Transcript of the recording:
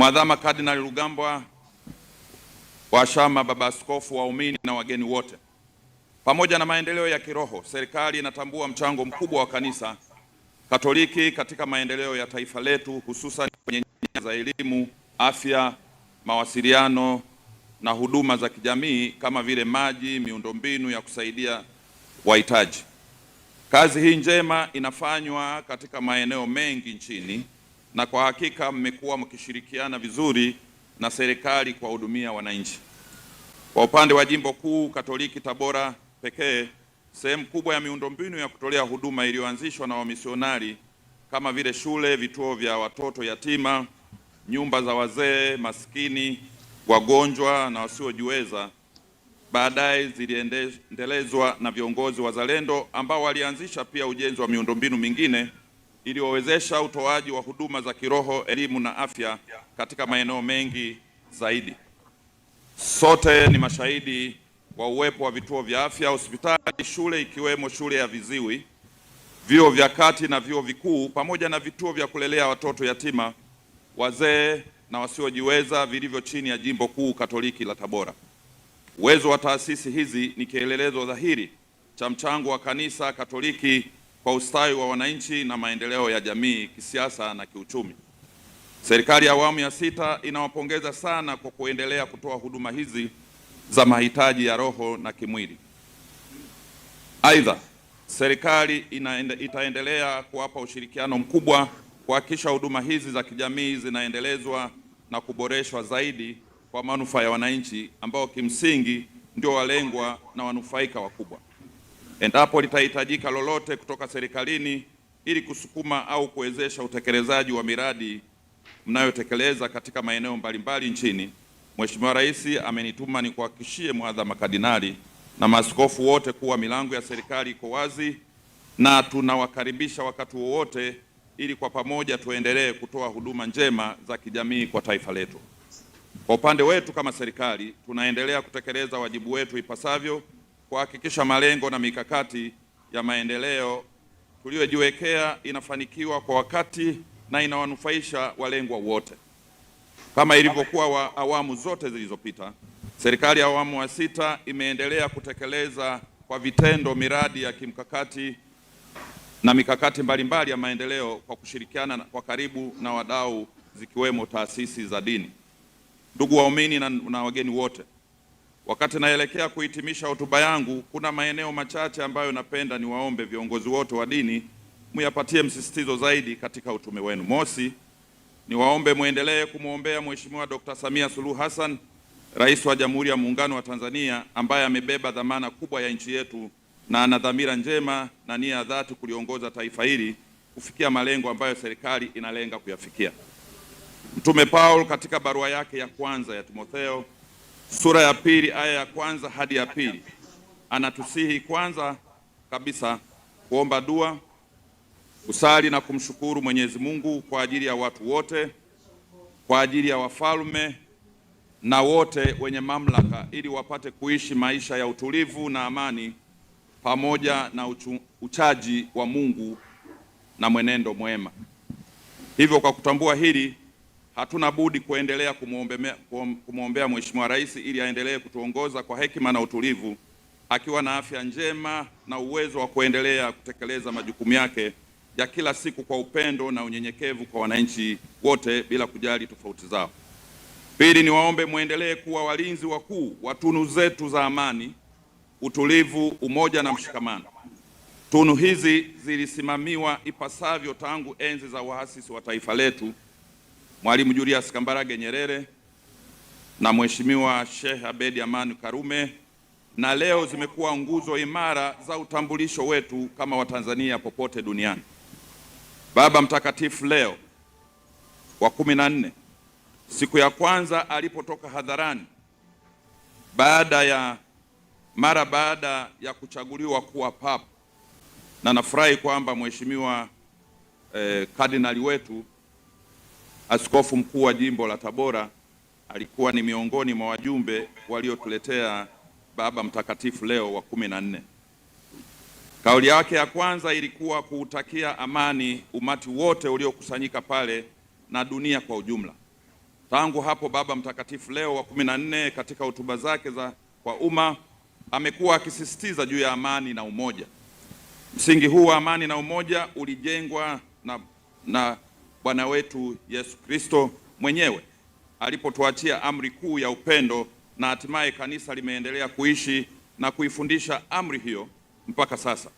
Mwadhama Kardinali Rugambwa, washama, baba askofu, waumini na wageni wote, pamoja na maendeleo ya kiroho, serikali inatambua mchango mkubwa wa kanisa Katoliki katika maendeleo ya taifa letu, hususan kwenye nyanja za elimu, afya, mawasiliano na huduma za kijamii kama vile maji, miundombinu ya kusaidia wahitaji. Kazi hii njema inafanywa katika maeneo mengi nchini na kwa hakika mmekuwa mkishirikiana vizuri na serikali kuwahudumia wananchi. Kwa upande wa Jimbo Kuu Katoliki Tabora pekee, sehemu kubwa ya miundombinu ya kutolea huduma iliyoanzishwa na wamisionari kama vile shule, vituo vya watoto yatima, nyumba za wazee, maskini, wagonjwa na wasiojiweza, baadaye ziliendelezwa na viongozi wazalendo ambao walianzisha pia ujenzi wa miundombinu mingine iliyowezesha utoaji wa huduma za kiroho, elimu na afya katika maeneo mengi zaidi. Sote ni mashahidi wa uwepo wa vituo vya afya, hospitali, shule ikiwemo shule ya viziwi, vyuo vya kati na vyuo vikuu, pamoja na vituo vya kulelea watoto yatima, wazee na wasiojiweza vilivyo chini ya Jimbo Kuu Katoliki la Tabora. Uwezo wa taasisi hizi ni kielelezo dhahiri cha mchango wa Kanisa Katoliki kwa ustawi wa wananchi na maendeleo ya jamii kisiasa na kiuchumi. Serikali ya awamu ya sita inawapongeza sana kwa kuendelea kutoa huduma hizi za mahitaji ya roho na kimwili. Aidha, serikali inaende, itaendelea kuwapa ushirikiano mkubwa kuhakikisha huduma hizi za kijamii zinaendelezwa na kuboreshwa zaidi kwa manufaa ya wananchi ambao kimsingi ndio walengwa na wanufaika wakubwa endapo litahitajika lolote kutoka serikalini ili kusukuma au kuwezesha utekelezaji wa miradi mnayotekeleza katika maeneo mbalimbali nchini. Mheshimiwa Rais amenituma nikuhakikishie mwadhama kardinali na maaskofu wote kuwa milango ya serikali iko wazi na tunawakaribisha wakati wowote, ili kwa pamoja tuendelee kutoa huduma njema za kijamii kwa taifa letu. Kwa upande wetu kama serikali, tunaendelea kutekeleza wajibu wetu ipasavyo kuhakikisha malengo na mikakati ya maendeleo tuliyojiwekea inafanikiwa kwa wakati na inawanufaisha walengwa wote. Kama ilivyokuwa wa awamu zote zilizopita, serikali ya awamu ya sita imeendelea kutekeleza kwa vitendo miradi ya kimkakati na mikakati mbalimbali ya maendeleo kwa kushirikiana kwa karibu na wadau zikiwemo taasisi za dini. Ndugu waumini na, na wageni wote Wakati naelekea kuhitimisha hotuba yangu, kuna maeneo machache ambayo napenda niwaombe viongozi wote wa dini muyapatie msisitizo zaidi katika utume wenu. Mosi, niwaombe muendelee kumwombea Mheshimiwa Dkt. Samia Suluhu Hassan, Rais wa Jamhuri ya Muungano wa Tanzania, ambaye amebeba dhamana kubwa ya nchi yetu na ana dhamira njema na nia ya dhati kuliongoza taifa hili kufikia malengo ambayo serikali inalenga kuyafikia. Mtume paul katika barua yake ya kwanza ya Timotheo sura ya pili aya ya kwanza hadi ya pili anatusihi kwanza kabisa kuomba dua, kusali na kumshukuru Mwenyezi Mungu kwa ajili ya watu wote, kwa ajili ya wafalme na wote wenye mamlaka, ili wapate kuishi maisha ya utulivu na amani pamoja na uchu, uchaji wa Mungu na mwenendo mwema. Hivyo kwa kutambua hili hatuna budi kuendelea kumwombea Mheshimiwa Rais ili aendelee kutuongoza kwa hekima na utulivu, akiwa na afya njema na uwezo wa kuendelea kutekeleza majukumu yake ya kila siku kwa upendo na unyenyekevu kwa wananchi wote bila kujali tofauti zao. Pili, niwaombe mwendelee kuwa walinzi wakuu wa tunu zetu za amani, utulivu, umoja na mshikamano. Tunu hizi zilisimamiwa ipasavyo tangu enzi za waasisi wa taifa letu Mwalimu Julius Kambarage Nyerere na Mheshimiwa Sheikh Abedi Amani Karume, na leo zimekuwa nguzo imara za utambulisho wetu kama Watanzania popote duniani. Baba Mtakatifu Leo wa kumi na nne, siku ya kwanza alipotoka hadharani baada ya mara baada ya kuchaguliwa kuwa papa, na nafurahi kwamba mheshimiwa eh, kardinali wetu Askofu mkuu wa jimbo la Tabora alikuwa ni miongoni mwa wajumbe waliotuletea Baba Mtakatifu Leo wa kumi na nne. Kauli yake ya kwanza ilikuwa kuutakia amani umati wote uliokusanyika pale na dunia kwa ujumla. Tangu hapo Baba Mtakatifu Leo wa kumi na nne katika hotuba zake za kwa umma amekuwa akisisitiza juu ya amani na umoja. Msingi huu wa amani na umoja ulijengwa na, na Bwana wetu Yesu Kristo mwenyewe alipotuachia amri kuu ya upendo, na hatimaye kanisa limeendelea kuishi na kuifundisha amri hiyo mpaka sasa.